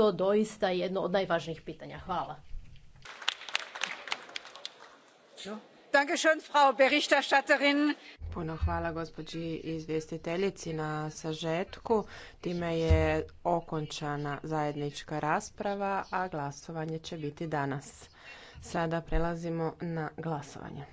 to doista jedno od najvažnijih pitanja. Hvala. Puno hvala gospođi izvjestiteljici na sažetku. Time je okončana zajednička rasprava, a glasovanje će biti danas. Sada prelazimo na glasovanje.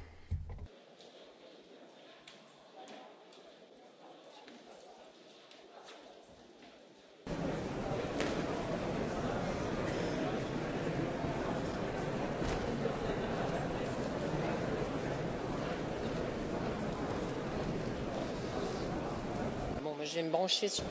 me brancher sur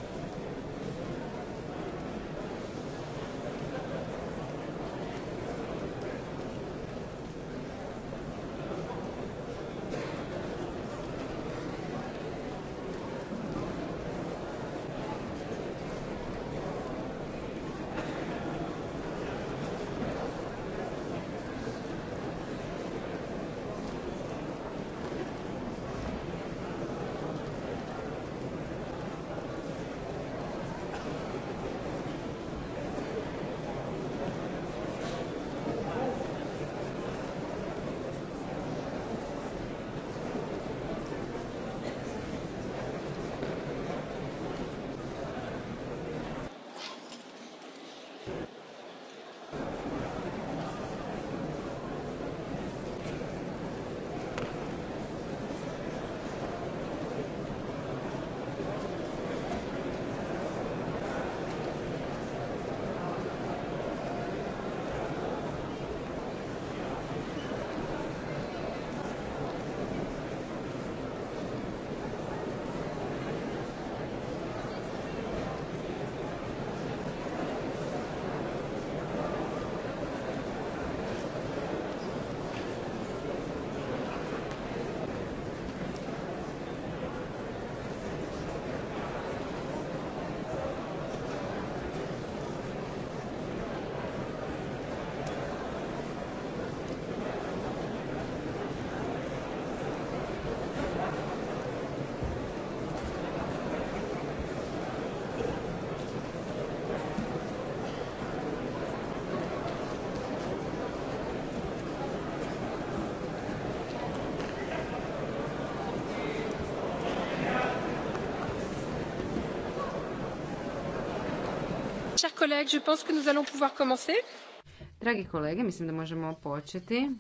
Dragi kolege, mislim da možemo početi.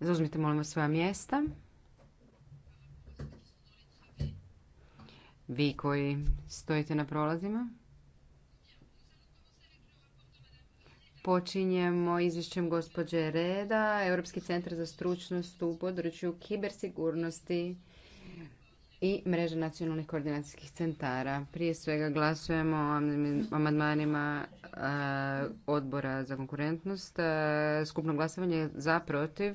Zauzmite molimo, vas svoja mjesta. Vi koji stojite na prolazima. Počinjemo izvješćem gospođe Reda, Europski centar za stručnost u području kibersigurnosti i mreže nacionalnih koordinacijskih centara. Prije svega glasujemo o amandmanima odbora za konkurentnost. Skupno glasovanje za, protiv,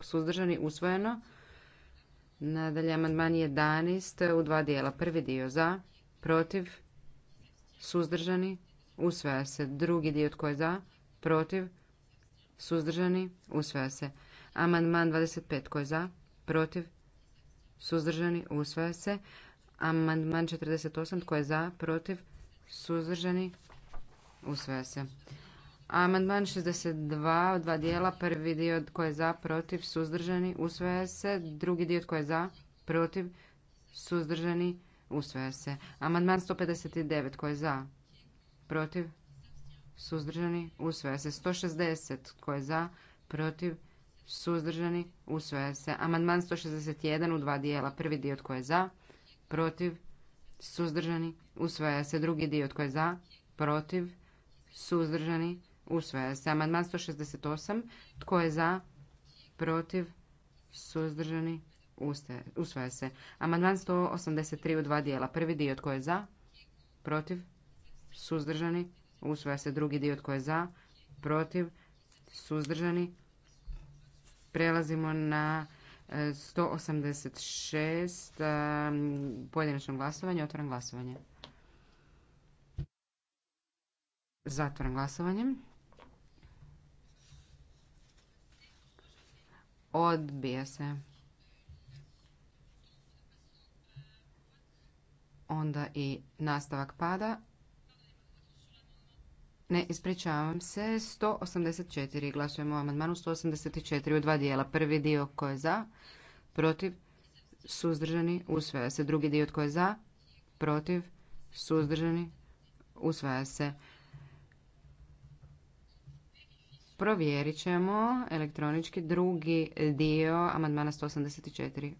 suzdržani, usvojeno. Nadalje, amandman 11 u dva dijela. Prvi dio za, protiv, suzdržani, usvaja se. Drugi dio tko je za, protiv, suzdržani, usvaja se. Amandman 25 tko je za, protiv, suzdržani, usvaja se. Amandman 48, tko je za, protiv, suzdržani, usvaja se. Amandman 62 od dva dijela, prvi dio tko je za, protiv, suzdržani, usvaja se. Drugi dio tko je za, protiv, suzdržani, usvaja se. Amandman 159 tko je za, protiv, suzdržani, usvaja se. 160 tko je za, protiv, suzdržani, usvaja se. Amandman 161 u dva dijela. Prvi dio tko je za, protiv, suzdržani, usvaja se. Drugi dio tko je za, protiv, suzdržani, usvaja se. Amandman 168 tko je za, protiv, suzdržani, usvaja se. Amandman 183 u dva dijela. Prvi dio tko je za, protiv, suzdržani, usvaja se. Drugi dio tko je za, protiv, suzdržani, Prelazimo na 186. E, e, pojedinačno glasovanje. Otvoram glasovanje. Zatvoram glasovanje. Odbija se. Onda i nastavak pada. Ne, ispričavam se. 184. Glasujemo o amandmanu 184 u dva dijela. Prvi dio tko je za, protiv, suzdržani, usvaja se. Drugi dio tko je za, protiv, suzdržani, usvaja se. Provjerit ćemo elektronički drugi dio amandmana 184.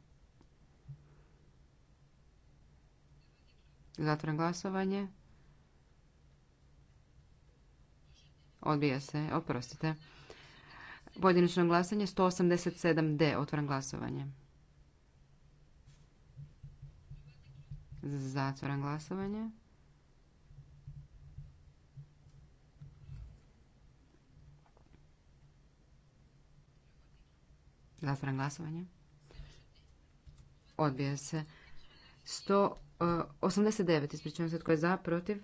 Zatvoram glasovanje. Odbija se. Oprostite. Pojedinično glasanje 187D. Otvaram glasovanje. Zatvaram glasovanje. Zatvaram glasovanje. Odbija se. 189. Ispričavam se tko je za, protiv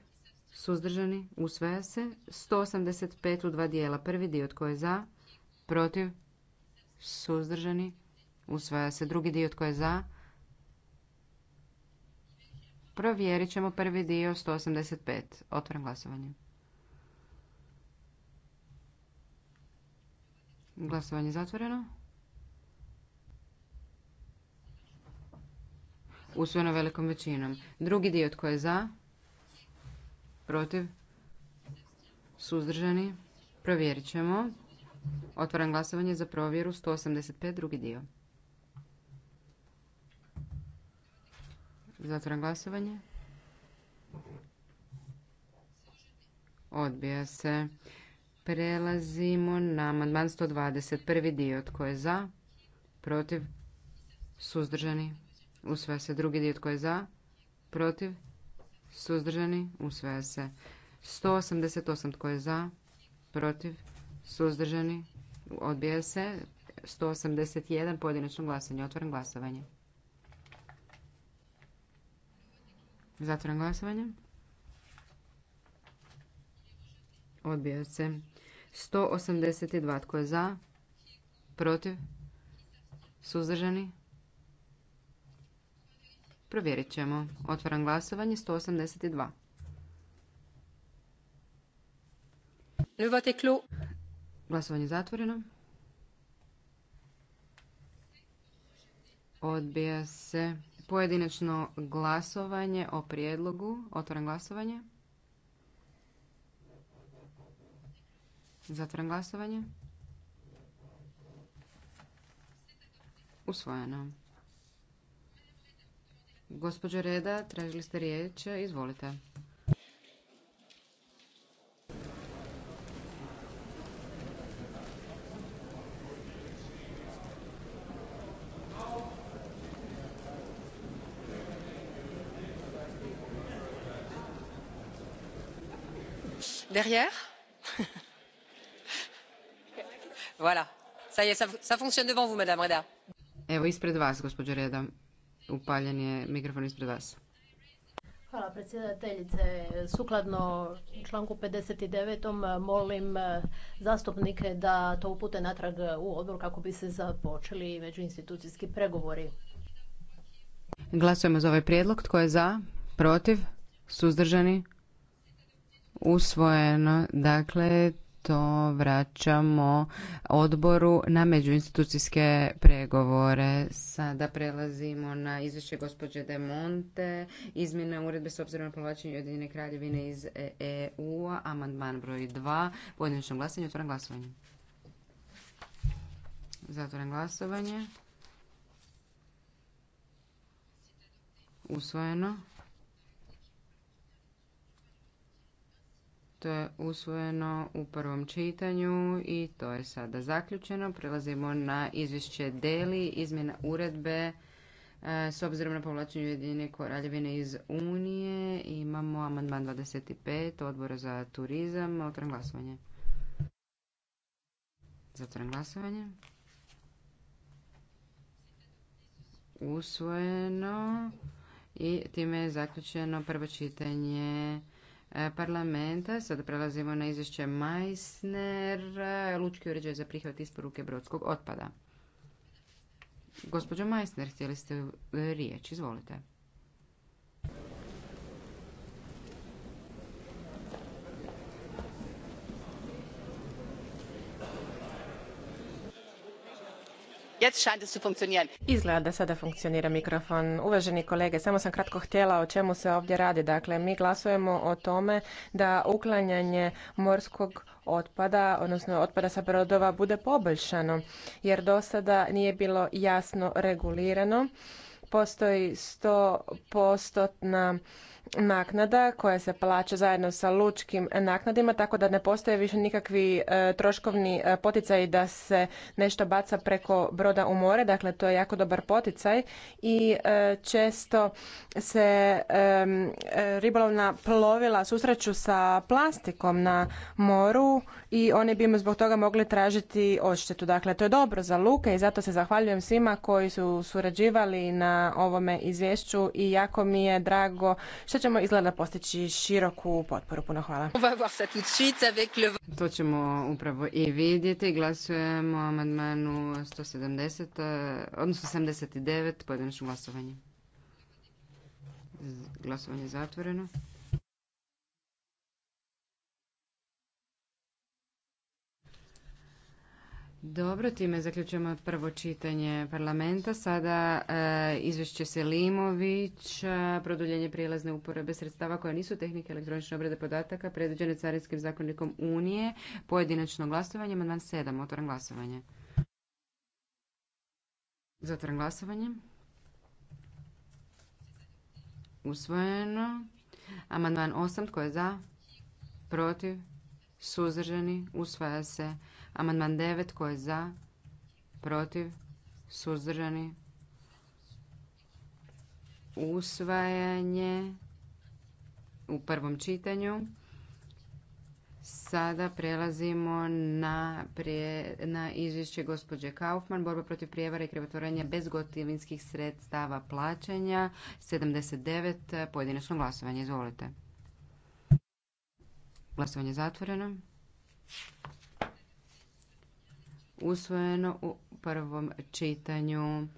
suzdržani, usvaja se. 185 u dva dijela. Prvi dio tko je za, protiv, suzdržani, usvaja se. Drugi dio tko je za, Provjerit ćemo prvi dio 185. Otvaram glasovanje. Glasovanje zatvoreno. Usvojeno velikom većinom. Drugi dio tko je za? protiv, suzdržani, provjerit ćemo. Otvaram glasovanje za provjeru 185, drugi dio. Zatvaram glasovanje. Odbija se. Prelazimo na amandman 120. Prvi dio tko je za, protiv, suzdržani. Usvaja se drugi dio tko je za, protiv, suzdržani, usvaja se. 188 tko je za, protiv, suzdržani, odbija se. 181 pojedinačno glasanje, otvoren glasovanje. Zatvoren glasovanje. Odbija se. 182 tko je za, protiv, suzdržani, Provjerit ćemo. Otvaram glasovanje 182. Le vote Glasovanje zatvoreno. Odbija se pojedinačno glasovanje o prijedlogu. Otvaram glasovanje. Zatvaram glasovanje. Usvojeno. Gospođo Reda, tražili ste riječ, izvolite. derrière voilà ça y est ça, ça fonctionne devant vous madame reda evo ispred vas gospođo reda upaljen je mikrofon ispred vas. Hvala predsjedateljice. Sukladno članku 59. molim eh, zastupnike da to upute natrag eh, u odbor kako bi se započeli međuinstitucijski pregovori. Glasujemo za ovaj prijedlog. Tko je za? Protiv? Suzdržani? Usvojeno. Dakle, to vraćamo odboru na međuinstitucijske pregovore. Sada prelazimo na izvješće gospođe De Monte, izmjena uredbe s obzirom na povlačenje Ujedinjene kraljevine iz EU-a, e amandman broj 2, pojedinačno glasanje, otvoram glasovanje. Zatvoram glasovanje. Usvojeno. To je usvojeno u prvom čitanju i to je sada zaključeno. Prelazimo na izvješće Deli, izmjena uredbe e, s obzirom na povlačenje Ujedinjene koraljevine iz Unije. Imamo amandman 25 odbora za turizam. Otvoren glasovanje. Zatvoren glasovanje. Usvojeno i time je zaključeno prvo čitanje E, parlamenta. Sada prelazimo na izvješće Majsner, e, lučki uređaj za prihvat isporuke brodskog otpada. Gospođo Majsner, htjeli ste riječ, izvolite. Izgleda da sada funkcionira mikrofon. Uvaženi kolege, samo sam kratko htjela o čemu se ovdje radi. Dakle, mi glasujemo o tome da uklanjanje morskog otpada, odnosno otpada sa brodova bude poboljšano, jer do sada nije bilo jasno regulirano postoji 100% naknada koja se plaća zajedno sa lučkim naknadima, tako da ne postoje više nikakvi e, troškovni e, poticaj da se nešto baca preko broda u more, dakle to je jako dobar poticaj i e, često se ribolovna plovila susreću sa plastikom na moru i oni bi im zbog toga mogli tražiti odštetu. Dakle, to je dobro za luke i zato se zahvaljujem svima koji su surađivali na ovome izvješću i jako mi je drago što ćemo izgleda postići široku potporu. Puno hvala. To ćemo upravo i vidjeti. Glasujemo o amandmanu 170, odnosno 79, pojedinačno glasovanje. Glasovanje je zatvoreno. Dobro, time zaključujemo prvo čitanje parlamenta. Sada e, se Limović e, produljenje prijelazne uporabe sredstava koja nisu tehnike elektronične obrade podataka predviđene Carinskim zakonnikom Unije, pojedinačno glasovanje, mandan 7, otvoren glasovanje. Zatvoren glasovanje. Usvojeno. Amandman 8, tko je za? Protiv? Suzdržani? Usvaja se. Amandman 9 tko je za, protiv, suzdržani, usvajanje u prvom čitanju. Sada prelazimo na, na izvješće gospođe Kaufman, borba protiv prijevara i krivotvorenja bez gotovinskih sredstava plaćanja, 79, pojedinačno glasovanje, izvolite. Glasovanje zatvoreno usvojeno u prvom čitanju.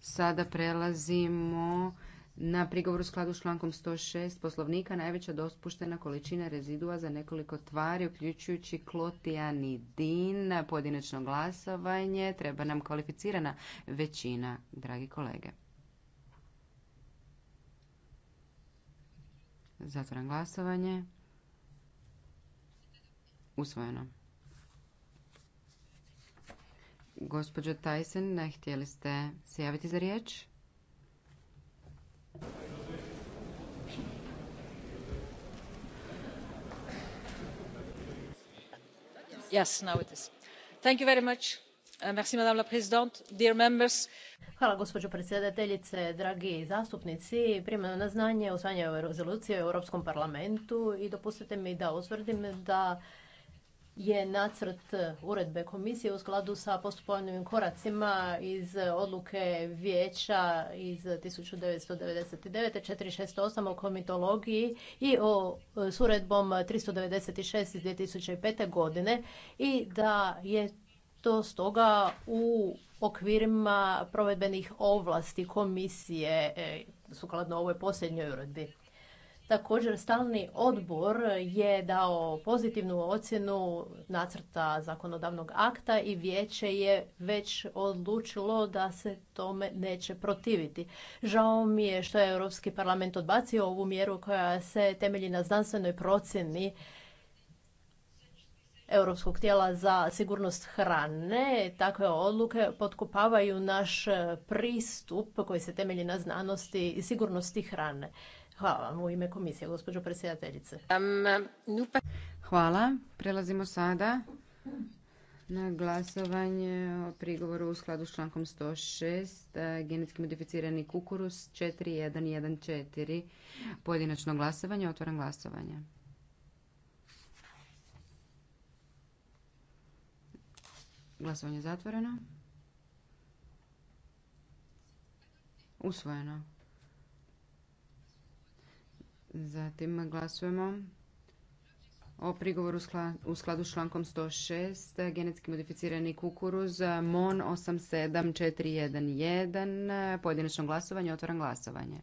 Sada prelazimo na prigovor u skladu s člankom 106 poslovnika najveća dospuštena količina rezidua za nekoliko tvari, uključujući klotijanidin, pojedinačno glasovanje, treba nam kvalificirana većina, dragi kolege. Zatvoram glasovanje. Usvojeno. Gospođo Tyson, ne htjeli ste se javiti za riječ? Yes, now Hvala gospođo predsjedateljice, dragi zastupnici. Primljeno na znanje usvajanje rezolucije u Europskom parlamentu i dopustite mi da osvrdim da je nacrt uredbe komisije u skladu sa postupovnim koracima iz odluke vijeća iz 1999. 468 o komitologiji i o s uredbom 396 iz 2005. godine i da je to stoga u okvirima provedbenih ovlasti komisije e, sukladno ovoj posljednjoj uredbi. Također, stalni odbor je dao pozitivnu ocjenu nacrta zakonodavnog akta i vijeće je već odlučilo da se tome neće protiviti. Žao mi je što je Europski parlament odbacio ovu mjeru koja se temelji na znanstvenoj procjeni Europskog tijela za sigurnost hrane. Takve odluke potkupavaju naš pristup koji se temelji na znanosti i sigurnosti hrane. Hvala vam u ime komisije, gospođo predsjedateljice. Pa- Hvala. Prelazimo sada na glasovanje o prigovoru u skladu s člankom 106, e, genetski modificirani kukuruz 4114, pojedinačno glasovanje, Otvaram glasovanje. Glasovanje zatvoreno. Usvojeno. Zatim glasujemo o prigovoru u skladu s člankom 106 genetski modificirani kukuruz MON 87411 pojedinačno glasovanje otvoram glasovanje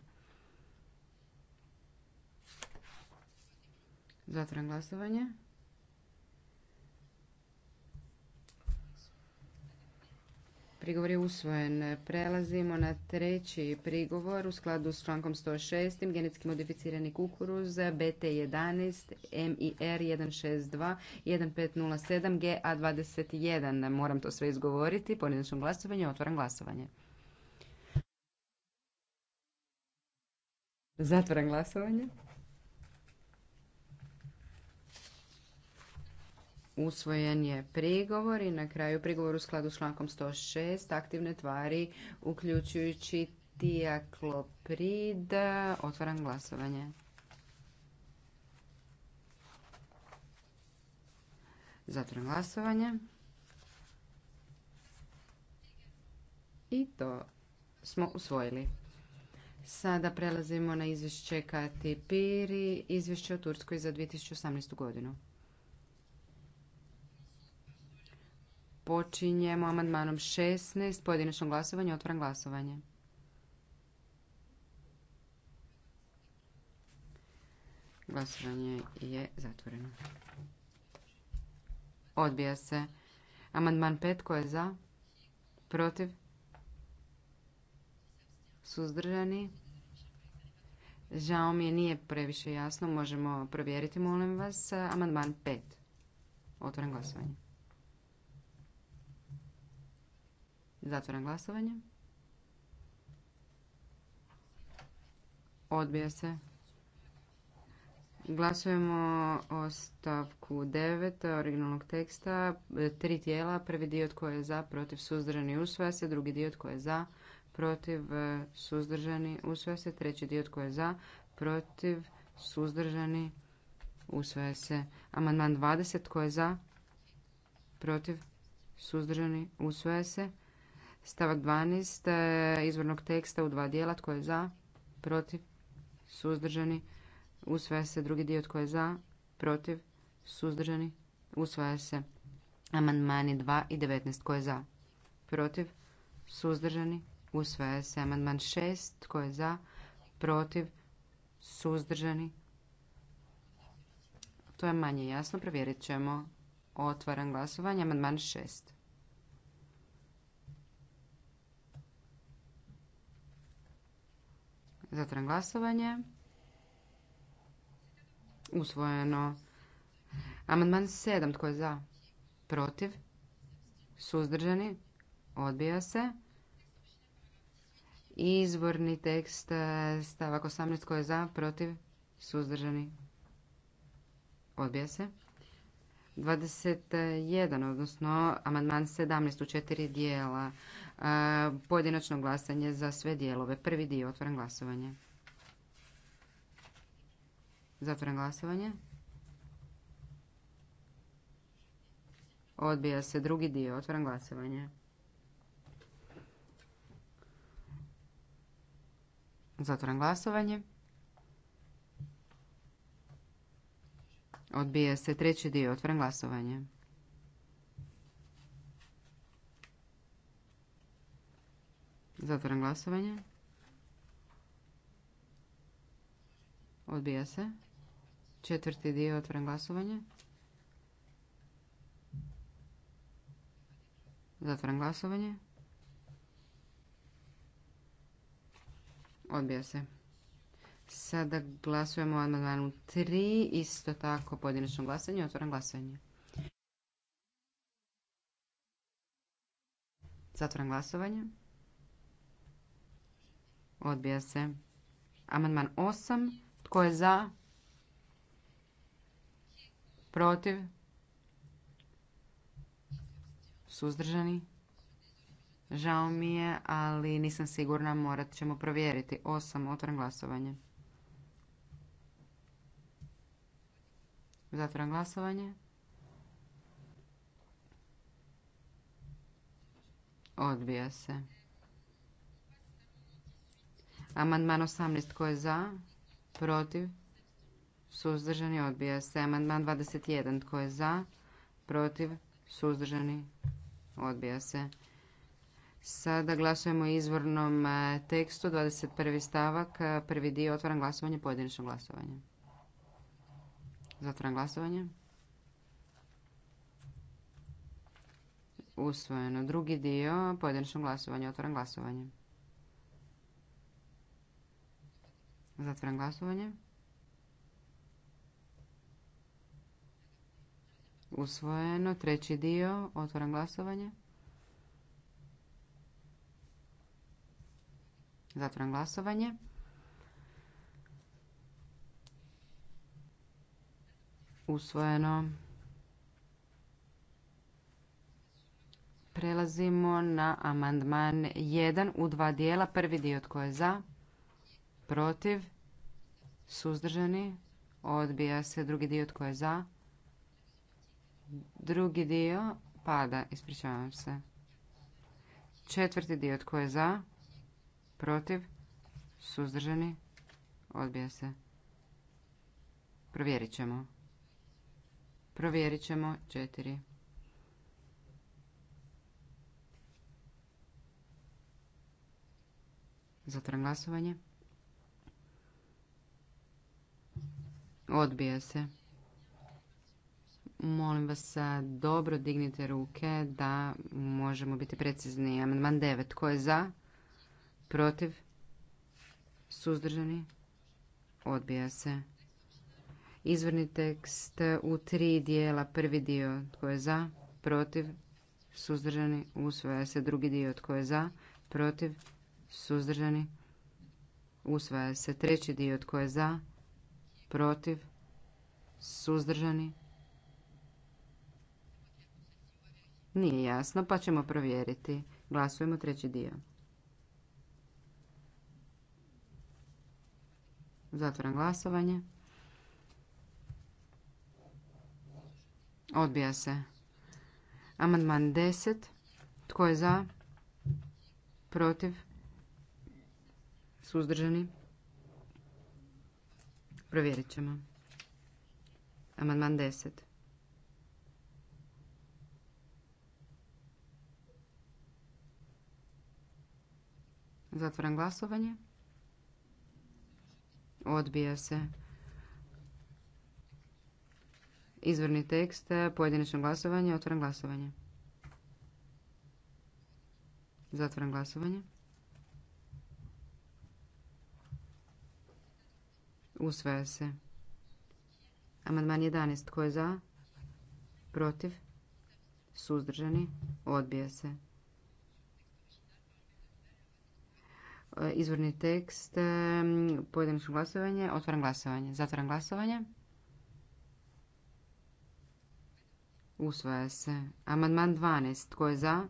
zatvaram glasovanje Prigovor je usvojen. Prelazimo na treći prigovor u skladu s člankom 106. Genetski modificirani kukuruz BT11 MIR 162 1507 GA21. Moram to sve izgovoriti. Pojedinačno glasovanje. Otvaram glasovanje. Zatvaram glasovanje. usvojen je prigovor i na kraju prigovor u skladu s člankom 106 aktivne tvari uključujući tijakloprida. Otvaram glasovanje. Zatvaram glasovanje. I to smo usvojili. Sada prelazimo na izvješće Kati Piri, izvješće o Turskoj za 2018. godinu. Počinjemo amandmanom 16. Pojedinačno glasovanje. Otvaram glasovanje. Glasovanje je zatvoreno. Odbija se. Amandman 5. Ko je za? Protiv? Suzdržani? Žao mi je, nije previše jasno. Možemo provjeriti, molim vas. Amandman 5. Otvaram glasovanje. Zatvoram glasovanje. Odbija se. Glasujemo o stavku 9 originalnog teksta. Tri tijela. Prvi dio tko je za, protiv, suzdržani, usvaja se. Drugi dio tko je za, protiv, suzdržani, usvaja se. Treći dio tko je za, protiv, suzdržani, usvaja se. Amandman 20 tko je za, protiv, suzdržani, usvaja se. Stavak 12. E, izvornog teksta u dva dijela. Tko je za? Protiv? Suzdržani? Usvaja se drugi dio. Tko je za? Protiv? Suzdržani? Usvaja se. Amandmani 2 i 19. Tko je za? Protiv? Suzdržani? Usvaja se. Amandman 6. Tko je za? Protiv? Suzdržani? To je manje jasno. Provjerit ćemo. Otvaram glasovanje. Amandman 6. Zatvoren glasovanje. Usvojeno. Amandman 7. Tko je za? Protiv? Suzdržani? Odbija se. Izvorni tekst e, stavak 18. Tko je za? Protiv? Suzdržani? Odbija se. 21, odnosno amandman 17 u četiri dijela. Pojedinačno glasanje za sve dijelove. Prvi dio, otvoren glasovanje. Zatvoren glasovanje. Odbija se drugi dio, otvoren glasovanje. Zatvoren glasovanje. Odbija se treći dio, otvoren glasovanje. Zatvaram glasovanje. Odbija se. Četvrti dio otvaram glasovanje. Zatvaram glasovanje. Odbija se. Sada glasujemo o amandmanu 3. Isto tako pojedinačno glasanje. Otvaram glasanje. Zatvaram glasovanje. Odbija se. Amandman 8. Tko je za? Protiv? Suzdržani? Žao mi je, ali nisam sigurna, morat ćemo provjeriti. Osam. Otvoren glasovanje. Zatvoren glasovanje. Odbija se. Amandman 18 tko je za? Protiv? Suzdržani odbija se. Amandman 21 tko je za? Protiv? Suzdržani odbija se. Sada glasujemo o izvornom e, tekstu, 21. stavak, e, prvi dio, otvaram glasovanje, pojedinačno glasovanje. Zatvaram glasovanje. Usvojeno. Drugi dio, pojedinačno glasovanje, otvaram glasovanje. Zatvaram glasovanje. Usvojeno. Treći dio. Otvaram glasovanje. Zatvaram glasovanje. Usvojeno. Prelazimo na amandman 1 u dva dijela. Prvi dio tko je za? protiv, suzdržani, odbija se drugi dio tko je za, drugi dio pada, ispričavam se. Četvrti dio tko je za, protiv, suzdržani, odbija se. Provjerit ćemo. Provjerit ćemo četiri. Zatvoram glasovanje. Odbija se. Molim vas, dobro dignite ruke da možemo biti precizni. Amandman 9. Tko je za? Protiv? Suzdržani? Odbija se. Izvrni tekst u tri dijela. Prvi dio tko je za, protiv, suzdržani, usvaja se. Drugi dio tko je za, protiv, suzdržani, usvaja se. Treći dio tko je za, protiv, suzdržani. Nije jasno, pa ćemo provjeriti. Glasujemo treći dio. Zatvoram glasovanje. Odbija se. Amandman 10. Tko je za? Protiv? Suzdržani? Provjerit ćemo. Amandman 10. Zatvoram glasovanje. Odbija se. Izvorni tekst, pojedinačno glasovanje, otvoram glasovanje. Zatvoram glasovanje. Usvaja se. Amandman 11. Tko je za? Protiv? Suzdržani? Odbija se. E, izvorni tekst, e, pojedinačno glasovanje, otvaram glasovanje, zatvaram glasovanje. Usvaja se. Amandman 12. Tko je za?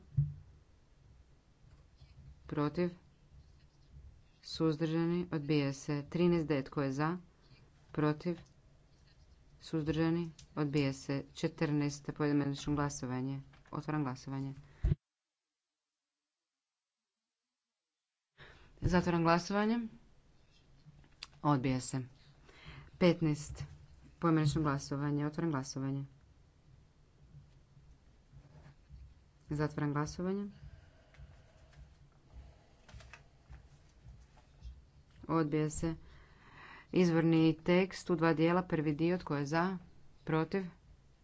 Protiv? suzdržani, odbija se. 13D je za, protiv, suzdržani, odbija se. 14. pojedinačno glasovanje. Otvaram glasovanje. Zatvaram glasovanje. Odbija se. 15. pojedinačno glasovanje. Otvaram glasovanje. Zatvaram glasovanje. Odbija se. Izvorni tekst u dva dijela. Prvi dio tko je za, protiv,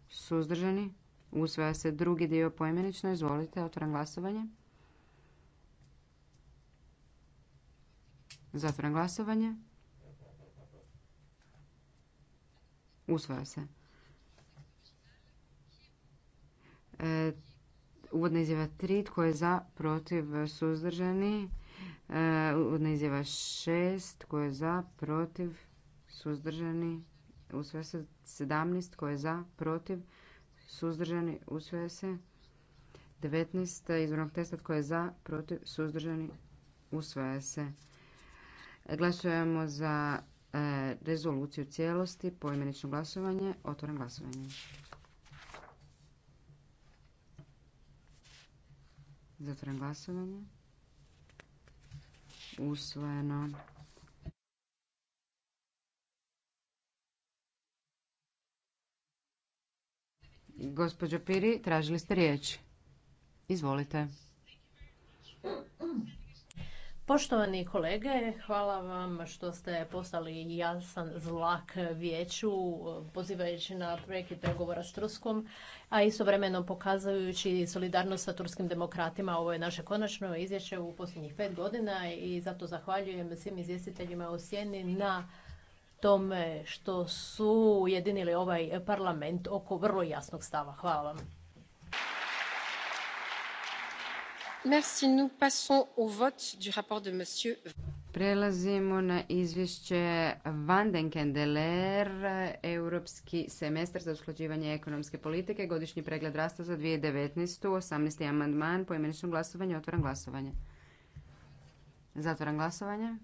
suzdržani. Usvaja se drugi dio poimenično. Izvolite, otvoram glasovanje. Zatvoram glasovanje. Usvaja se. E, uvodna izjava 3. Tko je za, protiv, suzdržani? Uvodna izjava šest Tko je za? Protiv? Suzdržani? Usvaja se 17. Tko je za? Protiv? Suzdržani? Usvaja se 19. Izvornog testa. Tko je za? Protiv? Suzdržani? Usvaja se. Glasujemo za e, rezoluciju cijelosti. Poimenično glasovanje. Otvoren glasovanje. Zatvoren glasovanje usvojeno. Gospođo Piri, tražili ste riječ. Izvolite. Poštovani kolege, hvala vam što ste postali jasan zlak vijeću pozivajući na projekte pregovora s Turskom, a istovremeno pokazujući solidarnost sa turskim demokratima. Ovo je naše konačno izvješće u posljednjih pet godina i zato zahvaljujem svim izvjestiteljima u Sjeni na tome što su ujedinili ovaj parlament oko vrlo jasnog stava. Hvala vam. Prelazimo na izvješće Van den Kendeler, Europski semestar za usklađivanje ekonomske politike, godišnji pregled rasta za 2019. osamnaest amandman, poimenično glasovanje, otvaram glasovanje. zatvaram glasovanje.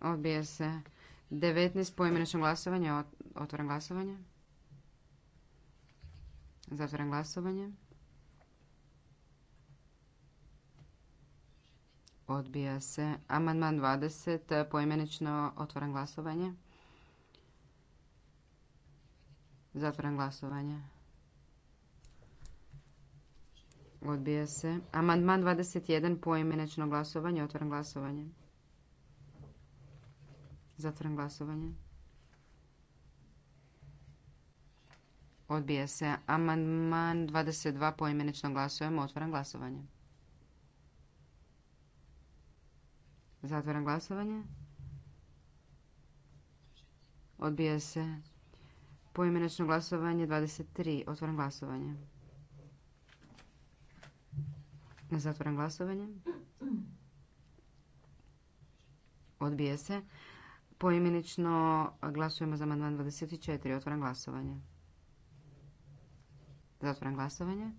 Odbija se 19. poimenično glasovanje, otvaram glasovanje. Zatvaram glasovanje. Odbija se. Amandman 20. Poimenično otvoram glasovanje. Zatvaram glasovanje. Odbija se. Amandman 21. Poimenično glasovanje. Otvaram glasovanje. Zatvaram glasovanje. Odbija se amandman 22 poimenično glasujemo. Otvaram glasovanje. Zatvaram glasovanje. Odbija se poimenično glasovanje 23. Otvaram glasovanje. Zatvaram glasovanje. Odbija se. Poimenično glasujemo za amandman 24. Otvaram glasovanje. Zatvaram glasovanje.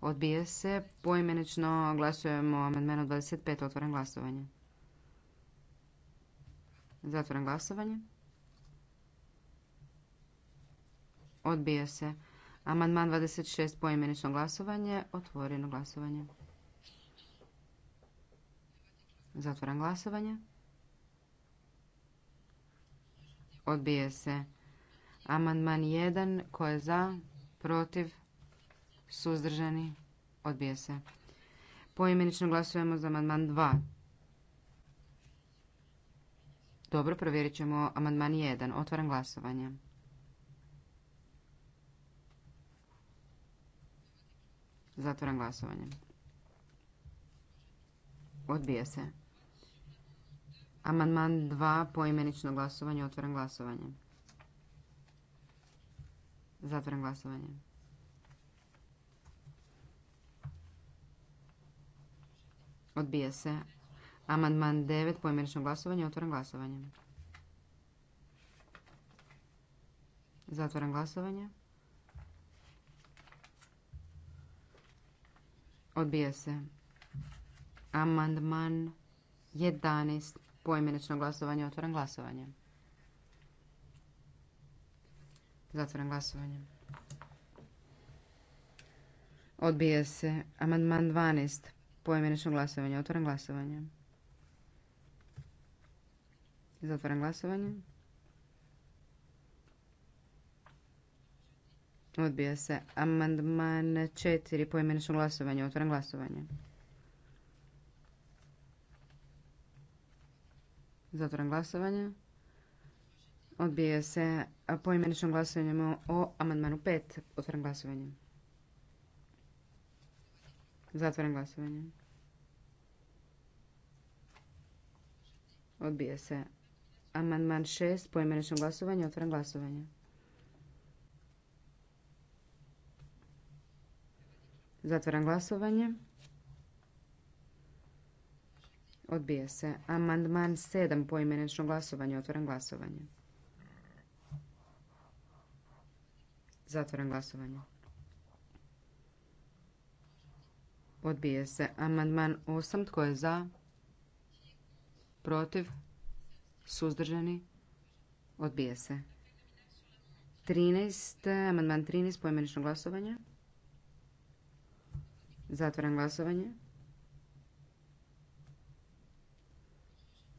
Odbije se. Poimenično glasujemo o 25. Otvoram glasovanje. Zatvaram glasovanje. Odbije se. Amandman 26. Poimenično glasovanje. Otvoreno glasovanje. Zatvoram glasovanje. Odbije se. Amandman 1. Ko je za? Protiv? Suzdržani? odbije se. Poimenično glasujemo za amandman 2. Dobro, provjerit ćemo amandman 1. Otvaram glasovanje. Zatvaram glasovanje. Odbije se. Amandman 2. Poimenično glasovanje. Otvaram glasovanje. Zatvaram glasovanje. Odbija se. Amandman 9, poimenično glasovanje, otvaram glasovanje. Zatvaram glasovanje. Odbija se. Amandman 11, pojmenično glasovanje, otvaram glasovanje. Zatvoram glasovanje. Odbija se. Amandman 12. Poimenično glasovanje. Otvoram glasovanje. Zatvoram glasovanje. Odbija se. Amandman 4. Poimenično glasovanje. Otvoram glasovanje. Zatvoram glasovanje. Odbija se a poimeničnom glasovanjem o amandmanu 5. Otvaram glasovanje. Zatvaram glasovanje. Odbije se. Amandman 6. Poimenično glasovanje. Otvaram glasovanje. Zatvaram glasovanje. Odbija se. Amandman 7. Poimenično glasovanje. Otvaram glasovanje. zatvoren glasovanje. Odbije se amandman 8. Tko je za? Protiv? Suzdržani? Odbije se. 13. Amandman 13. Pojmenično glasovanje. zatvoren glasovanje.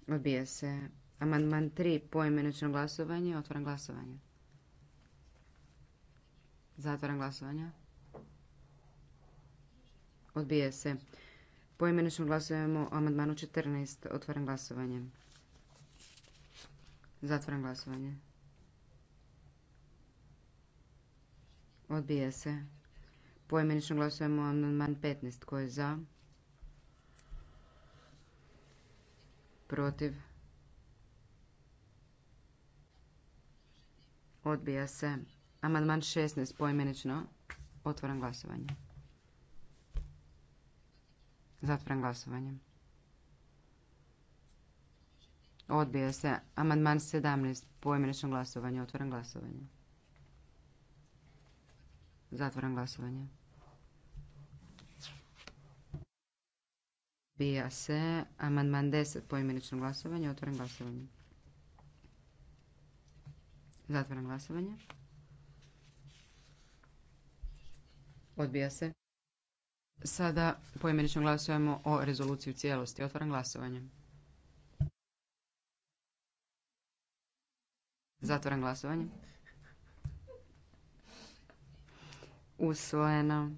Odbije se. Amandman 3. Pojmenično glasovanje. Otvaram glasovanje. Zatvaram glasovanje. Odbije se. Poimenično glasujemo o amandmanu 14. Otvaram glasovanje. Zatvaram glasovanje. Odbije se. Poimenično glasujemo o amandman 15. Tko je za? Protiv? Odbija se. Amandman 16 poimenično. Otvoram glasovanje. Zatvoram glasovanje. Odbija se. Amandman 17 poimenično glasovanje. Otvoram glasovanje. Zatvoram glasovanje. Odbija se. Amandman 10. Poimenično glasovanje. otvoram glasovanje. Zatvoram glasovanje. Odbija se. Sada pojmenično glasujemo o rezoluciji u cijelosti. Otvaram glasovanje. Zatvaram glasovanje. Usvojeno.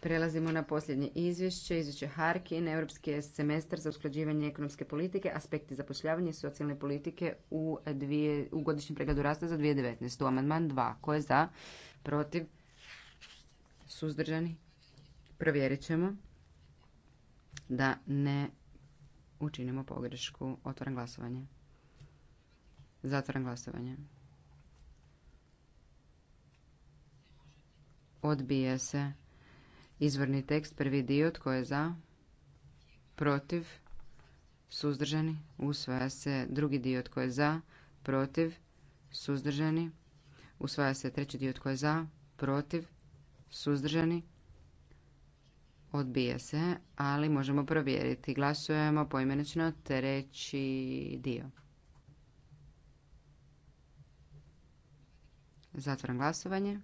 Prelazimo na posljednje izvješće, izvješće Harkin, Europski semestar za usklađivanje ekonomske politike, aspekti zapošljavanja i socijalne politike u, dvije, godišnjem pregledu rasta za 2019. Amandman 2. Ko je za? Protiv? Suzdržani? Provjerit ćemo da ne učinimo pogrešku. Otvaram glasovanje. Zatvaram glasovanje. Odbije se izvorni tekst, prvi dio, tko je za, protiv, suzdržani, usvaja se drugi dio, tko je za, protiv, suzdržani, usvaja se treći dio, tko je za, protiv, Suzdržani? Odbija se, ali možemo provjeriti. Glasujemo poimenično treći dio. Zatvaram glasovanje.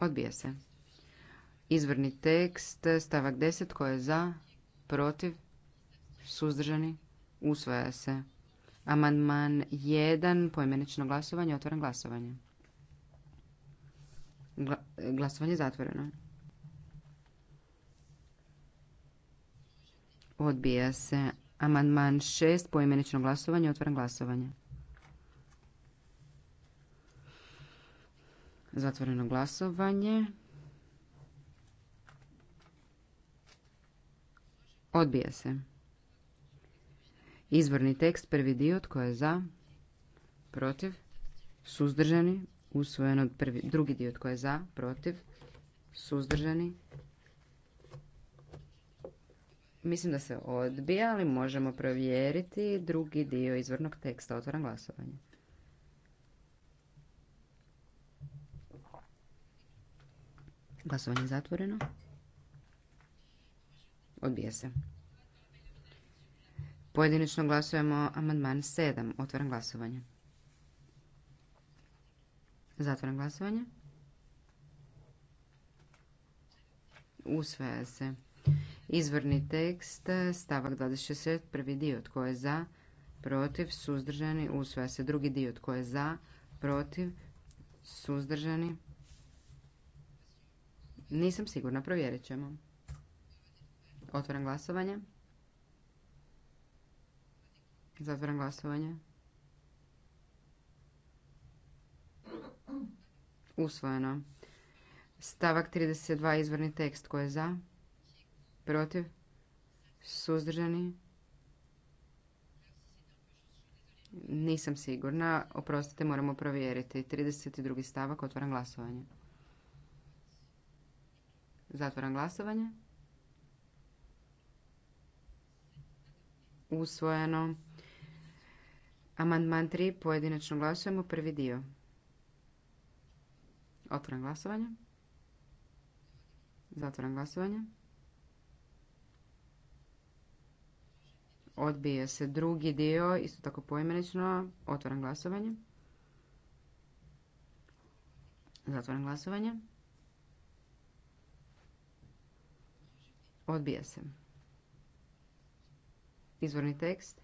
Odbija se. Izvrni tekst, stavak 10, koje je za, protiv, suzdržani, usvaja se. Amandman 1, poimenično glasovanje, otvoren glasovanje. Glasovanje je zatvoreno. Odbija se amandman 6 poimenično glasovanje. Otvaram glasovanje. Zatvoreno glasovanje. Odbija se. Izvorni tekst, prvi dio, tko je za, protiv, suzdržani, usvojeno prvi, drugi dio tko je za, protiv, suzdržani. Mislim da se odbija, ali možemo provjeriti drugi dio izvornog teksta. Otvoram glasovanje. Glasovanje je zatvoreno. Odbija se. Pojedinično glasujemo amandman 7. Otvoram glasovanje. Zatvaram glasovanje. Usvaja se. Izvorni tekst, stavak 26, prvi dio tko je za, protiv, suzdržani, usvaja se. Drugi dio tko je za, protiv, suzdržani. Nisam sigurna, provjerit ćemo. Otvaram glasovanje. Zatvaram glasovanje. Usvojeno. Stavak 32. Izvorni tekst. Tko je za? Protiv? Suzdržani? Nisam sigurna. Oprostite, moramo provjeriti. 32. stavak. Otvaram glasovanje. Zatvaram glasovanje. Usvojeno. Amandman 3. Pojedinačno glasujemo. Prvi dio. Otvoram glasovanje. Zatvoram glasovanje. Odbije se drugi dio, isto tako poimenično. Otvoram glasovanje. Zatvoram glasovanje. Odbija se. Izvorni tekst.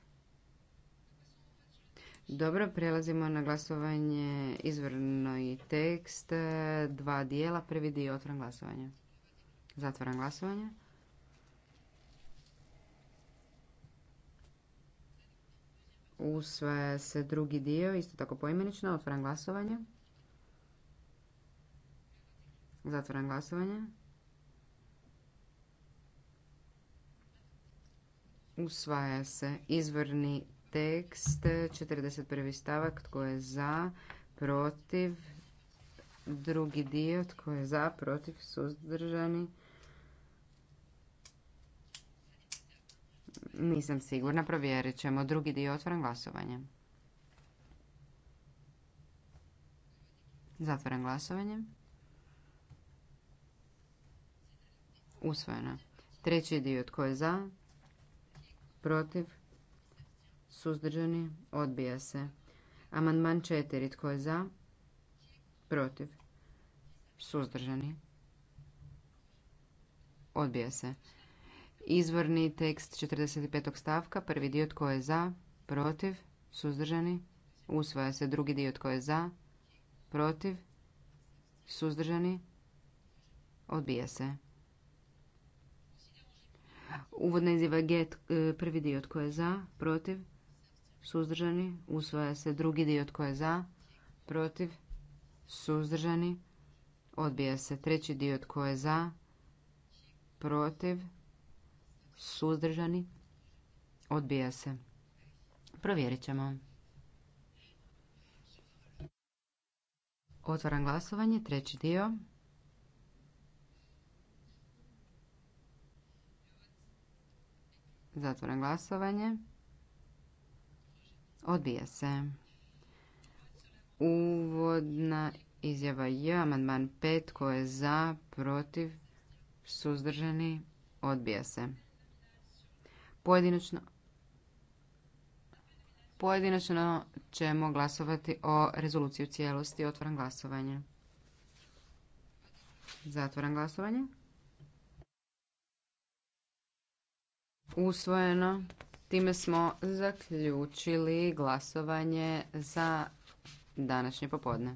Dobro, prelazimo na glasovanje izvrnoj tekst. Dva dijela, prvi dio otvoran glasovanje. Zatvoran glasovanje. Usvaja se drugi dio, isto tako poimenično, otvoran glasovanje. Zatvoran glasovanje. Usvaja se izvorni tekst 41. stavak tko je za protiv drugi dio tko je za protiv suzdržani nisam sigurna provjerit ćemo drugi dio otvoren glasovanje zatvaram glasovanje usvojeno treći dio tko je za protiv suzdržani, odbija se. Amandman četiri. Tko je za? Protiv. Suzdržani. Odbija se. Izvorni tekst 45. stavka. Prvi dio tko je za? Protiv. Suzdržani. Usvaja se drugi dio tko je za? Protiv. Suzdržani. Odbija se. Uvodna izjava e, Prvi dio tko je za? Protiv suzdržani, usvaja se drugi dio tko je za, protiv, suzdržani, odbija se treći dio tko je za, protiv, suzdržani, odbija se. Provjerit ćemo. Otvaram glasovanje, treći dio. Zatvaram glasovanje. Odbija se. Uvodna izjava je amandman 5 tko je za, protiv, suzdržani, odbija se. Pojedinačno Pojedinačno ćemo glasovati o rezoluciji cijelosti. Otvoram glasovanje. Zatvoram glasovanje. Usvojeno. Time smo zaključili glasovanje za današnje popodne.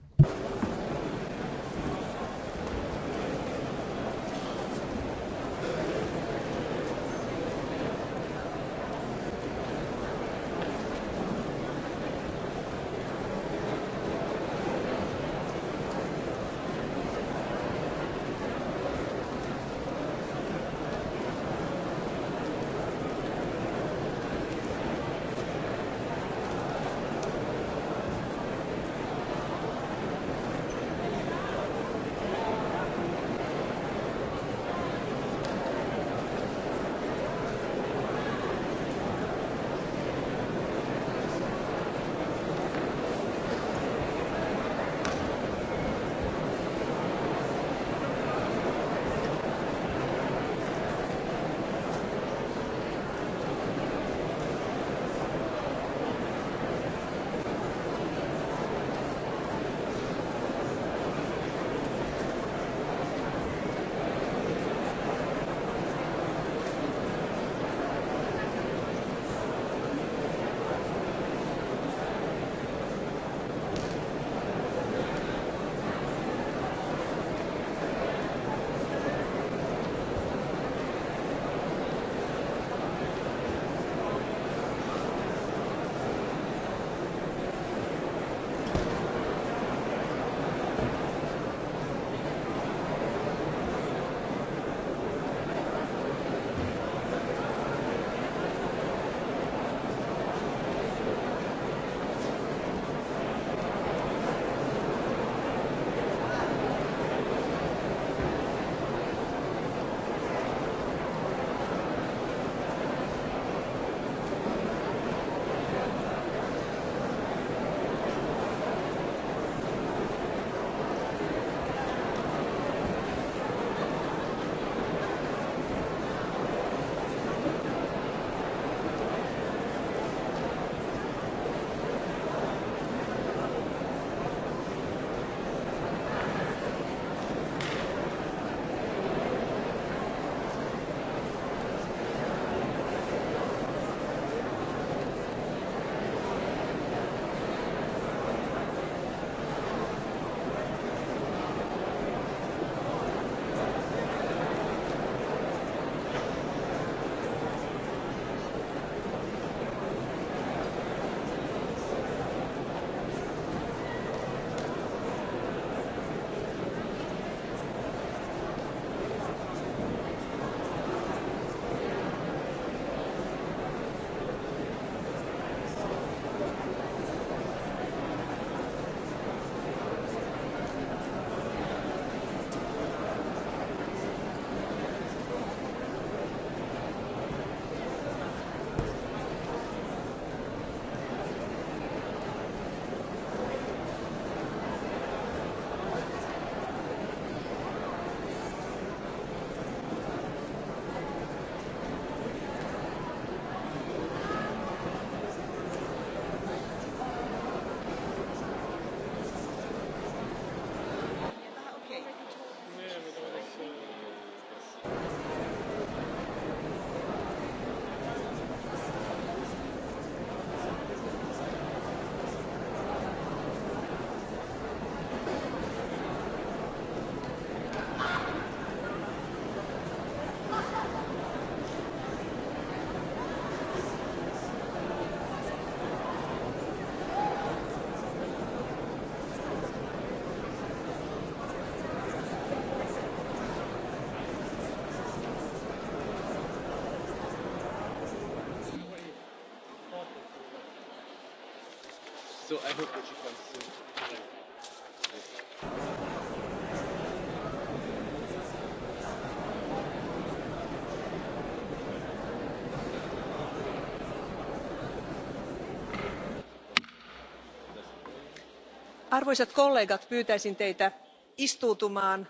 arvoisat kollegat pyytäisin teitä istuutumaan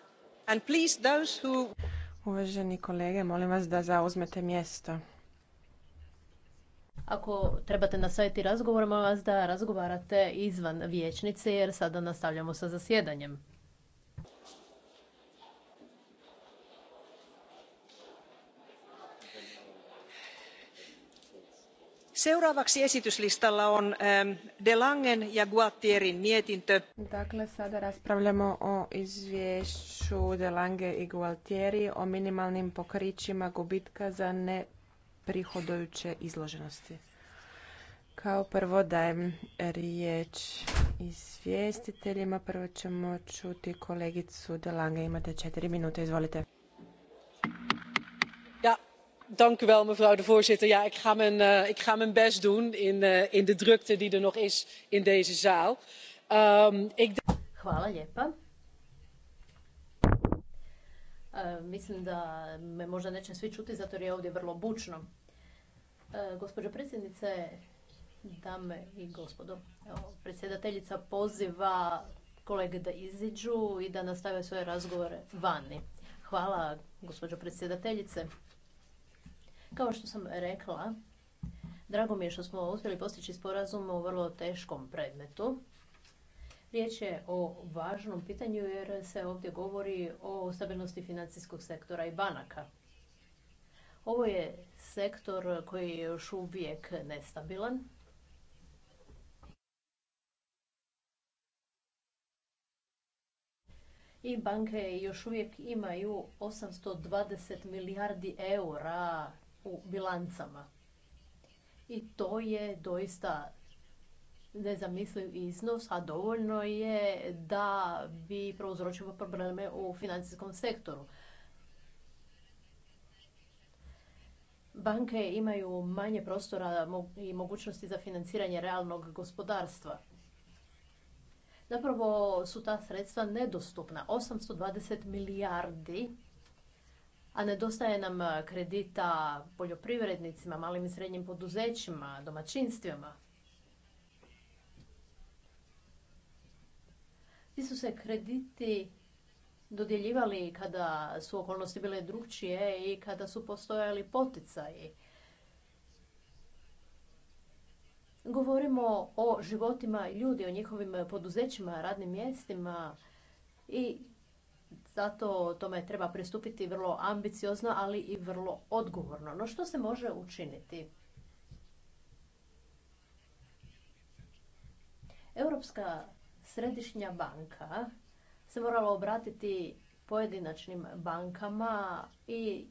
please uvaženi kolege molim vas da zauzmete mjesto. Ako trebate nastaviti razgovor, molim vas da razgovarate izvan vijećnice jer sada nastavljamo sa zasjedanjem. Seuraavaksi esityslistalla on ähm, De Langen ja Guattierin mietintö. Dakle, sada raspravljamo o izvješću De Lange i Gualtieri o minimalnim pokrićima gubitka za ne prihodujuće izloženosti. Kao prvo dajem riječ izvjestiteljima. Prvo ćemo čuti kolegicu Delange. Imate četiri minute, izvolite. dank u wel mevrouw de voorzitter. Ja, ik ga mijn, eh, ik ga mijn best doen in, eh, in de drukte die er nog is in deze zaal. Ehm, ik... Hvala lijepa. E, mislim da me možda neće svi čuti, zato jer je ovdje vrlo bučno. E, gospođo predsjednice, dame i gospodo, predsjedateljica poziva kolege da iziđu i da nastave svoje razgovore vani. Hvala, gospođo predsjedateljice. Kao što sam rekla, drago mi je što smo uspjeli postići sporazum u vrlo teškom predmetu. Riječ je o važnom pitanju jer se ovdje govori o stabilnosti financijskog sektora i banaka. Ovo je sektor koji je još uvijek nestabilan. I banke još uvijek imaju 820 milijardi eura u bilancama. I to je doista nezamisliv iznos, a dovoljno je da bi prouzročilo probleme u financijskom sektoru. Banke imaju manje prostora i mogućnosti za financiranje realnog gospodarstva. Zapravo su ta sredstva nedostupna. 820 milijardi a nedostaje nam kredita poljoprivrednicima, malim i srednjim poduzećima, domaćinstvima. Ti su se krediti dodjeljivali kada su okolnosti bile drugčije i kada su postojali poticaji. Govorimo o životima ljudi, o njihovim poduzećima, radnim mjestima i zato tome treba pristupiti vrlo ambiciozno, ali i vrlo odgovorno. No što se može učiniti? Europska središnja banka se morala obratiti pojedinačnim bankama i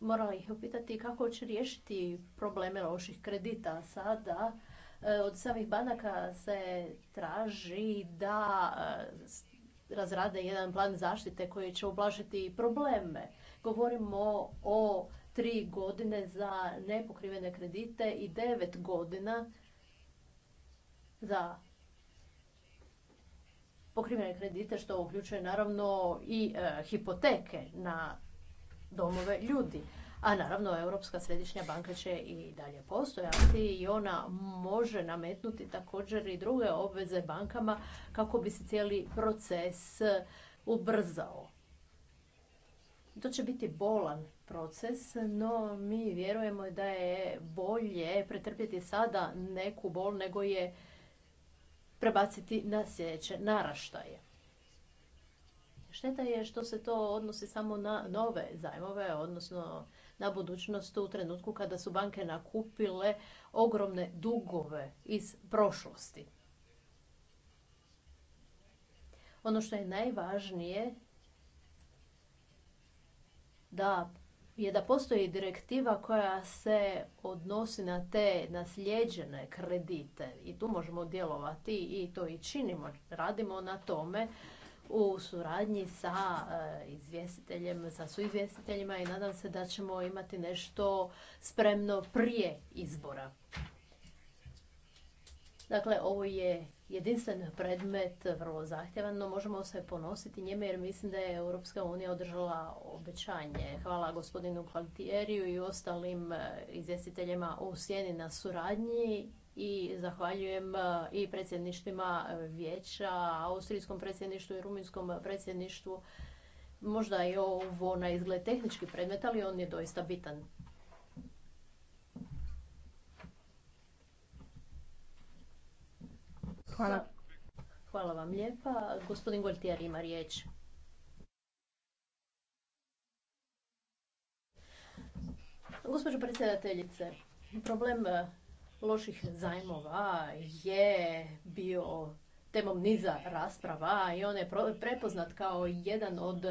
morala ih upitati kako će riješiti probleme loših kredita. Sada e, od samih banaka se traži da e, razrade jedan plan zaštite koji će ublažiti probleme. Govorimo o tri godine za nepokrivene kredite i devet godina za pokrivene kredite što uključuje naravno i e, hipoteke na domove ljudi. A naravno Europska središnja banka će i dalje postojati i ona može nametnuti također i druge obveze bankama kako bi se cijeli proces ubrzao. To će biti bolan proces, no mi vjerujemo da je bolje pretrpjeti sada neku bol nego je prebaciti na sljedeće naraštaje. Šteta je što se to odnosi samo na nove zajmove, odnosno na budućnost u trenutku kada su banke nakupile ogromne dugove iz prošlosti. Ono što je najvažnije da je da postoji direktiva koja se odnosi na te nasljeđene kredite i tu možemo djelovati i to i činimo. Radimo na tome u suradnji sa e, izvjestiteljem, sa suizvjestiteljima i nadam se da ćemo imati nešto spremno prije izbora. Dakle, ovo je jedinstven predmet, vrlo zahtjevan, no možemo se ponositi njime jer mislim da je Europska unija održala obećanje. Hvala gospodinu Kvalitijeriju i ostalim e, izvjestiteljima u sjeni na suradnji i zahvaljujem e, i predsjedništvima vijeća, austrijskom predsjedništvu i rumunjskom predsjedništvu. Možda je ovo na izgled tehnički predmet, ali on je doista bitan. Hvala. Hvala vam lijepa. Gospodin Gualtieri ima riječ. Gospođo predsjedateljice, problem e, loših zajmova je bio temom niza rasprava i on je prepoznat kao jedan od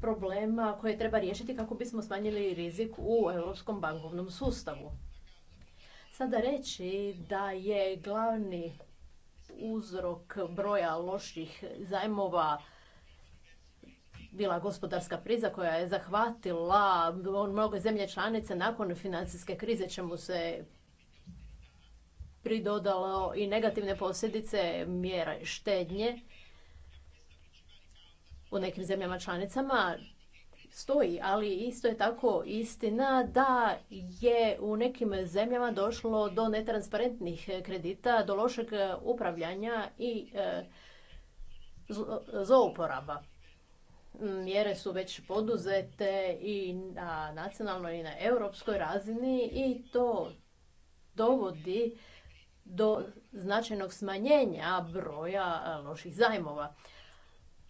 problema koje treba riješiti kako bismo smanjili rizik u europskom bankovnom sustavu sada reći da je glavni uzrok broja loših zajmova bila gospodarska priza koja je zahvatila mnoge zemlje članice nakon financijske krize čemu se pridodalo i negativne posljedice mjera štednje u nekim zemljama članicama stoji, ali isto je tako istina da je u nekim zemljama došlo do netransparentnih kredita, do lošeg upravljanja i e, zlouporaba. Mjere su već poduzete i na nacionalnoj i na europskoj razini i to dovodi do značajnog smanjenja broja loših zajmova.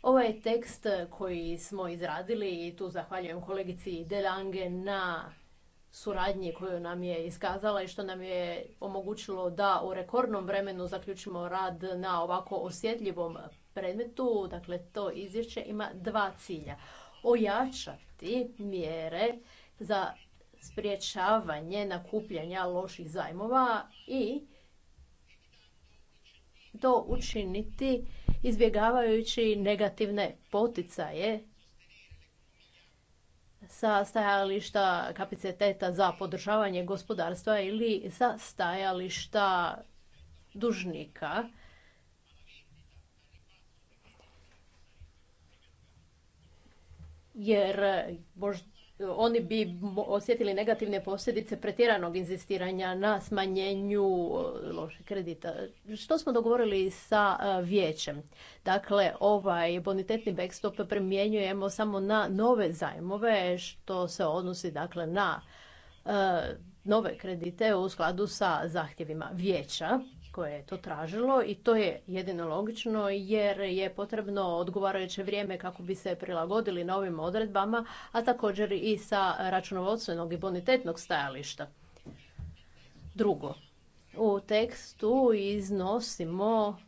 Ovo je tekst e, koji smo izradili i tu zahvaljujem kolegici Delange na suradnji koju nam je iskazala i što nam je omogućilo da u rekordnom vremenu zaključimo rad na ovako osjetljivom predmetu. Dakle, to izvješće ima dva cilja. Ojačati mjere za spriječavanje nakupljanja loših zajmova i to učiniti izbjegavajući negativne poticaje sa stajališta kapaciteta za podržavanje gospodarstva ili sa stajališta dužnika. Jer možda oni bi osjetili negativne posljedice pretjeranog inzistiranja na smanjenju e, loših kredita. Što smo dogovorili sa e, vijećem? Dakle, ovaj bonitetni backstop primjenjujemo samo na nove zajmove, što se odnosi dakle, na e, nove kredite u skladu sa zahtjevima vijeća koje je to tražilo i to je jedino logično jer je potrebno odgovarajuće vrijeme kako bi se prilagodili novim odredbama, a također i sa računovodstvenog i bonitetnog stajališta. Drugo, u tekstu iznosimo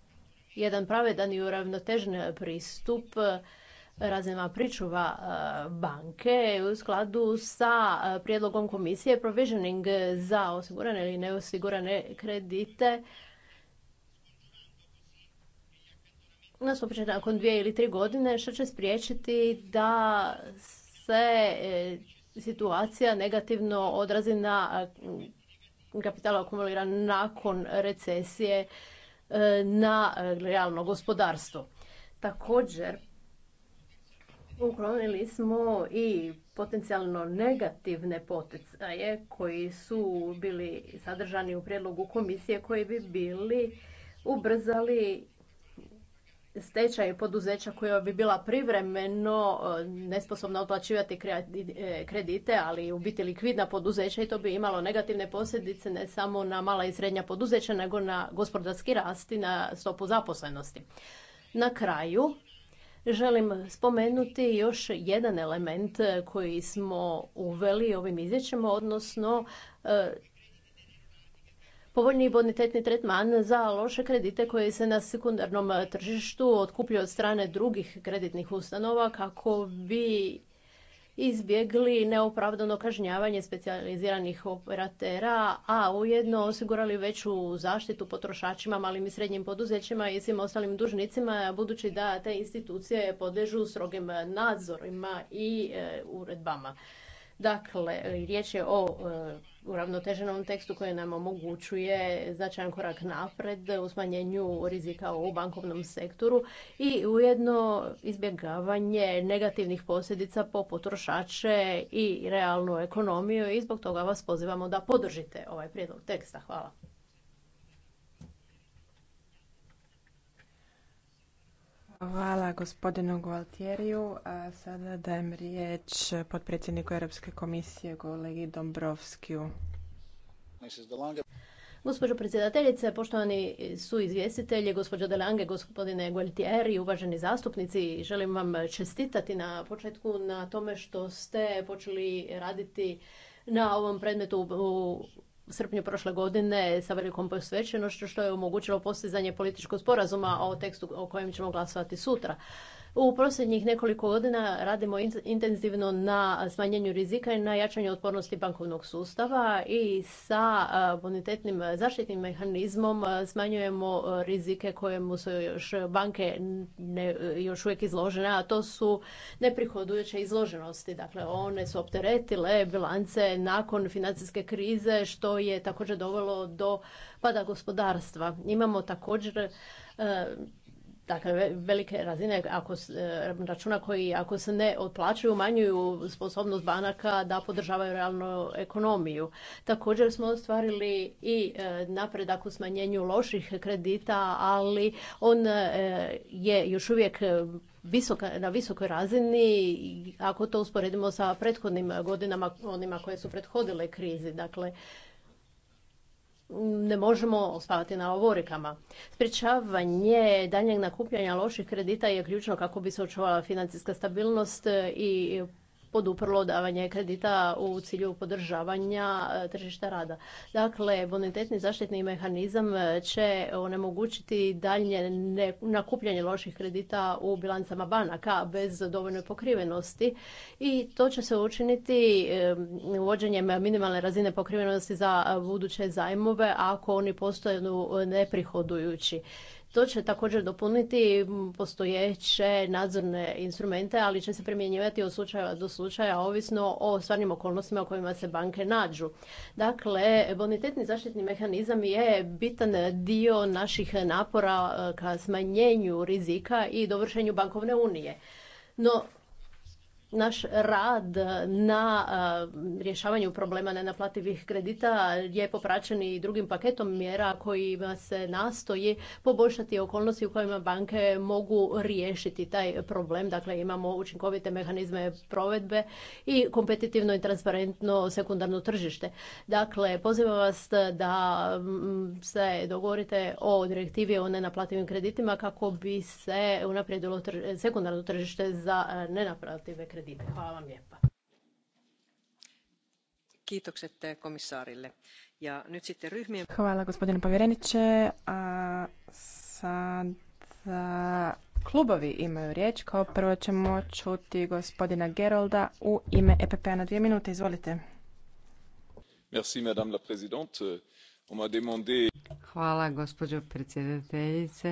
jedan pravedan i uravnotežen pristup razinama pričuva e, banke u skladu sa e, prijedlogom komisije provisioning za osigurane ili neosigurane kredite nas uopće nakon dvije ili tri godine, što će spriječiti da se e, situacija negativno odrazi na kapital akumuliran nakon recesije e, na e, realno gospodarstvo. Također, uklonili smo i potencijalno negativne poticaje koji su bili sadržani u prijedlogu komisije koji bi bili ubrzali stečaj poduzeća koja bi bila privremeno eh, nesposobna otplaćivati eh, kredite, ali u biti likvidna poduzeća i to bi imalo negativne posljedice ne samo na mala i srednja poduzeća, nego na gospodarski rast i na stopu zaposlenosti. Na kraju, Želim spomenuti još jedan element eh, koji smo uveli ovim izvješćem, odnosno povoljni bonitetni tretman za loše kredite koji se na sekundarnom tržištu otkupljuje od strane drugih kreditnih ustanova kako bi izbjegli neopravdano kažnjavanje specijaliziranih operatera, a ujedno osigurali veću zaštitu potrošačima, malim i srednjim poduzećima i svim ostalim dužnicima, budući da te institucije podležu strogim nadzorima i e, uredbama. Dakle, riječ je o e, uravnoteženom tekstu koji nam omogućuje značajan korak napred u smanjenju rizika u bankovnom sektoru i ujedno izbjegavanje negativnih posljedica po potrošače i realnu ekonomiju i zbog toga vas pozivamo da podržite ovaj prijedlog teksta. Hvala. Hvala gospodinu Gualtieriju. A sada dajem riječ potpredsjedniku Europske komisije kolegi Dombrovskiju. Gospođo predsjedateljice, poštovani su izvjestitelji, gospođo Delange, gospodine Gualtieri, uvaženi zastupnici, želim vam čestitati na početku na tome što ste počeli raditi na ovom predmetu u srpnju prošle godine sa velikom posvećenošću što je omogućilo postizanje političkog sporazuma o tekstu o kojem ćemo glasovati sutra. U posljednjih nekoliko godina radimo intenzivno na smanjenju rizika i na jačanju otpornosti bankovnog sustava i sa bonitetnim zaštitnim mehanizmom smanjujemo rizike kojemu su još banke ne, još uvijek izložene, a to su neprihodujuće izloženosti. Dakle, one su opteretile bilance nakon financijske krize, što je također dovelo do pada gospodarstva. Imamo također Dakle, velike razine ako e, računa koji ako se ne otplaćuju umanjuju sposobnost banaka da podržavaju realnu ekonomiju. Također smo ostvarili i e, napredak u smanjenju loših kredita, ali on e, je još uvijek visoka, na visokoj razini ako to usporedimo sa prethodnim godinama, onima koje su prethodile krizi. Dakle, ne možemo spavati na ovorikama. Sprječavanje daljnjeg nakupljanja loših kredita je ključno kako bi se očuvala financijska stabilnost i poduprlo davanje kredita u cilju podržavanja e, tržišta rada. Dakle, bonitetni zaštitni mehanizam e, će onemogućiti daljnje nakupljanje loših kredita u bilancama banaka bez dovoljne pokrivenosti i to će se učiniti e, uvođenjem minimalne razine pokrivenosti za buduće zajmove ako oni postaju neprihodujući. To će također dopuniti postojeće nadzorne instrumente, ali će se primjenjivati od slučaja do slučaja ovisno o stvarnim okolnostima u kojima se banke nađu. Dakle, bonitetni zaštitni mehanizam je bitan dio naših napora eh, ka smanjenju rizika i dovršenju bankovne unije. No, naš rad na rješavanju problema nenaplativih kredita je popraćen i drugim paketom mjera kojima se nastoji poboljšati okolnosti u kojima banke mogu riješiti taj problem. Dakle, imamo učinkovite mehanizme provedbe i kompetitivno i transparentno sekundarno tržište. Dakle, pozivam vas da se dogovorite o direktivi o nenaplativim kreditima kako bi se unaprijedilo sekundarno tržište za nenaplative kredite kredite. hvala vam lijepa. Hvala gospodine povjereniče. A sada klubovi imaju riječ. Kao prvo ćemo čuti gospodina Gerolda u ime EPP-a na dvije minute. Izvolite. Merci, madame la présidente. Hvala gospođo predsjedateljice.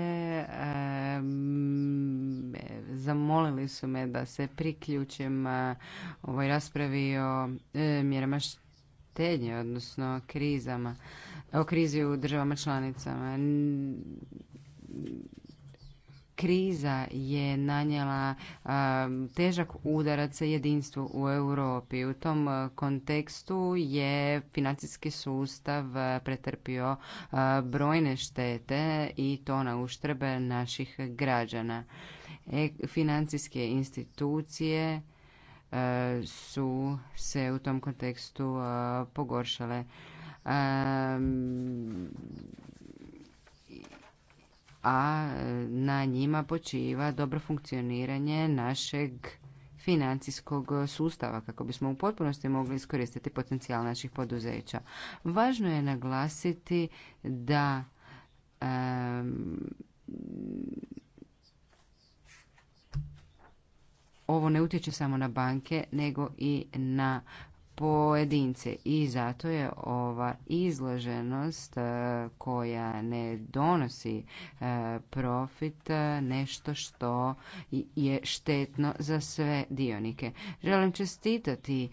zamolili su me da se priključim ovoj raspravi o e, mjerama odnosno krizama, o krizi u državama članicama kriza je nanjela težak udarac jedinstvu u Europi. U tom kontekstu je financijski sustav pretrpio brojne štete i to na uštrb naših građana. E, financijske institucije su se u tom kontekstu pogoršale a e, na njima počiva dobro funkcioniranje našeg financijskog sustava kako bismo u potpunosti mogli iskoristiti potencijal naših poduzeća. Važno je naglasiti da e, ovo ne utječe samo na banke nego i na pojedince i zato je ova izloženost e, koja ne donosi e, profit e, nešto što je štetno za sve dionike. Želim čestitati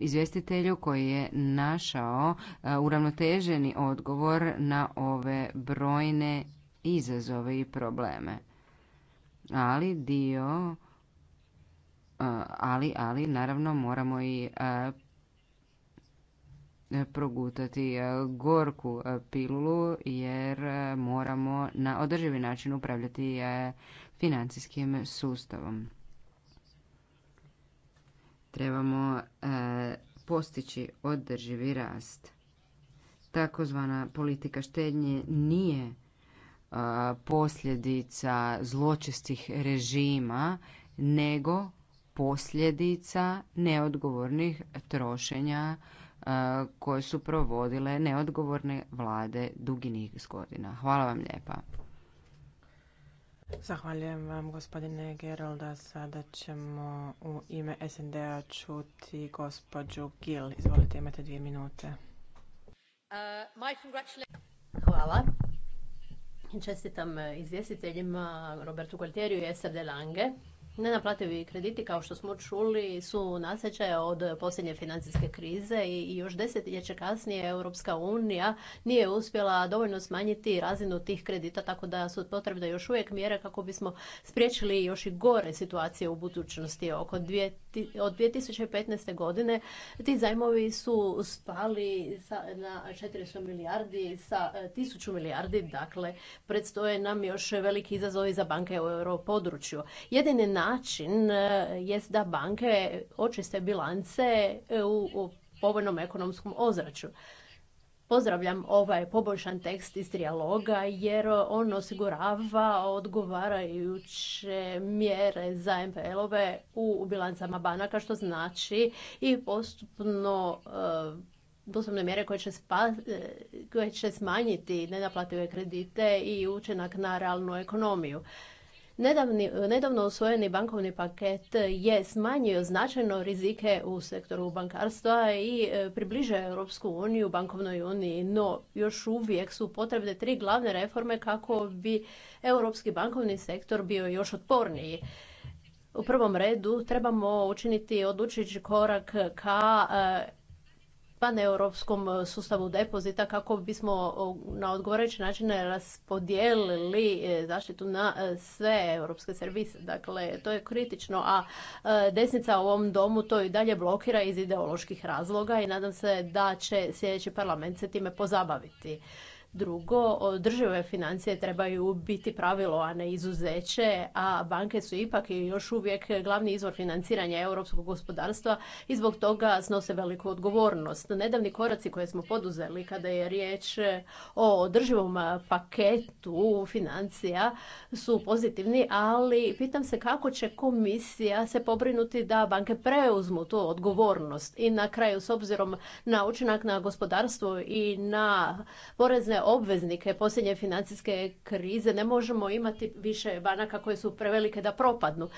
izvjestitelju koji je našao uravnoteženi odgovor na ove brojne izazove i probleme. Ali dio E, ali, ali naravno moramo i e, progutati e, gorku pilulu jer moramo na održivi način upravljati financijskim sustavom. Trebamo postići održivi rast. Takozvana politika štednje nije posljedica zločestih režima, nego posljedica neodgovornih trošenja e, koje su provodile neodgovorne vlade dugi niz godina. Hvala vam lijepa. Zahvaljujem vam gospodine Gerolda. Sada ćemo u ime SND-a čuti gospođu Gil. Izvolite, imate dvije minute. Uh, Hvala. Čestitam eh, izvjestiteljima Robertu Gualtieriju i Esther de Lange Nenaplativi krediti, kao što smo čuli, su nasjećaje od posljednje financijske krize i još desetljeće kasnije Europska unija nije uspjela dovoljno smanjiti razinu tih kredita, tako da su potrebne još uvijek mjere kako bismo spriječili još i gore situacije u budućnosti. Oko od 2015. godine ti zajmovi su spali sa, na 400 milijardi sa 1000 e, milijardi, dakle predstoje nam još veliki izazovi za banke u europodručju. Jedini način e, jest da banke očiste bilance e, u povoljnom ekonomskom ozračju. Pozdravljam ovaj poboljšan tekst iz trijaloga jer on osigurava odgovarajuće mjere za MPL-ove u bilancama banaka što znači i postupno posebne e, mjere koje će, e, koje će smanjiti nenaplative kredite i učinak na realnu ekonomiju. Nedavni, nedavno usvojeni bankovni paket je smanjio značajno rizike u sektoru bankarstva i e, približe Europsku uniju bankovnoj uniji, no još uvijek su potrebne tri glavne reforme kako bi europski bankovni sektor bio još otporniji. U prvom redu trebamo učiniti odlučići korak ka e, europskom e, sustavu depozita kako bismo na odgovarajući način raspodijelili e, zaštitu na e, sve europske servise. Dakle, to je kritično, a desnica u ovom domu to i dalje blokira iz ideoloških razloga i nadam se da će sljedeći parlament se time pozabaviti. Drugo, održive financije trebaju biti pravilo, a ne izuzeće, a banke su ipak i još uvijek glavni izvor financiranja europskog gospodarstva i zbog toga snose veliku odgovornost. Nedavni koraci koje smo poduzeli kada je riječ o održivom paketu financija su pozitivni, ali pitam se kako će komisija se pobrinuti da banke preuzmu tu odgovornost i na kraju s obzirom na učinak na gospodarstvo i na porezne obveznike posljednje financijske krize ne možemo imati više banaka koje su prevelike da propadnu.